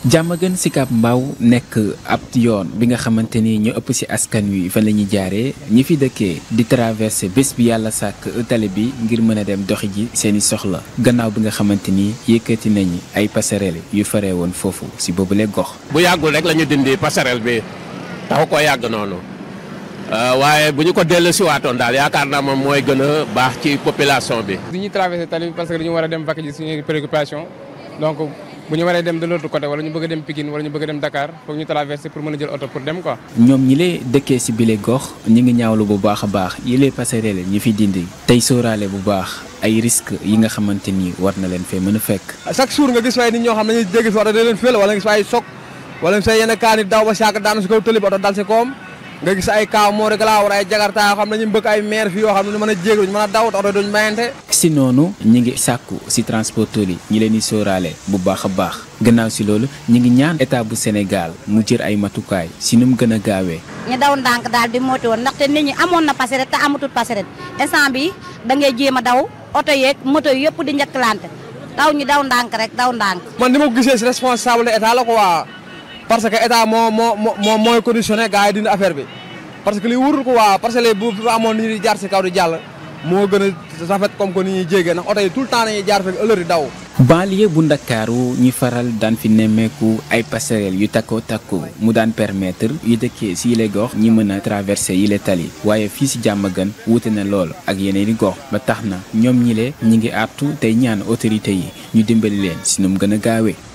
Diamaguène Sicap Mbao nekk ab yoon bi nga xamante ni ñu ëpp ci askan wi fa lañuy jaaree ñi fi dëkkee di traversé bés bi yàlla sàkk tali bi ngir mën a dem doxi ji seeni soxla gannaaw bi nga xamante ni yëkkati nañu ay passerelle yu faree woon foofu ci boobule gox. bu yàggul rek la dindi passerelle bi taxu ko yàgg noonu. Euh, waaye bu ñu ko dellu si waatoon daal yaakaar naa moom mooy gën a baax ci population bi. du ñuy traversé tali parce que dañu war a dem vacances ji suñuy préoccupation donc bu ñu waree dem de l'autre côté ñu bëgg a dem Pikine wala ñu bëgg a dem Dakar foog ñu traversé pour mën a jël oto pour dem quoi. ñoom ñi lay dëkkee si bile gox ñi ngi ñaawlu bu baax a baax yi lay passerelle ñi fi dindi tey sóoraale bu baax ay risques yi nga xamante ni war na leen fee xam ne dañuy dégg si oto da leen fël wala nga nga gis ay kaaw moo rek laa war ay jagarta yoo xam ne ñu mbëkk ay maire fii yoo xam ne mën a jéeg duñ mën a daw oto duñ mayante si noonu ñi ngi sàkku si transporteur yi ñi leen di sóoraale bu baax a baax gannaaw si loolu ñi ngi ñaan état bu Sénégal mu jër ay matukaay si nu mu gën a gaawee ñu daw ndànk daal di mooti woon ndaxte nit ñi amoon na passerelle te amatul passerelle instant bi da ngay jéem a daw oto yeeg moto yëpp di njëkkalante daw ñu daw ndànk rek daw ndànk man ni parce que état moo moo moo mooy conditionné gars yi dindi affaire bi parce que li wurul ko waa parce que bu amoon nit ñi jaar si kaw di jàll moo gën a rafet comme que ni ñuy jégee ndax oto yi tout le temps dañuy jaar fekk ëllëg daw. banlieue bu ndakaaru ñi faral daan fi nemmeeku ay passerelle yu takkoo takku mu daan permettre yu dëkkee si yile gox ñi mën a traversé yile yi waaye fii si Diamaguène wuute na lool ak yeneen i gox ba tax na ñoom ñi le ñi ngi artu tey ñaan autorité yi ñu dimbali leen si nu mu gën a gaawee.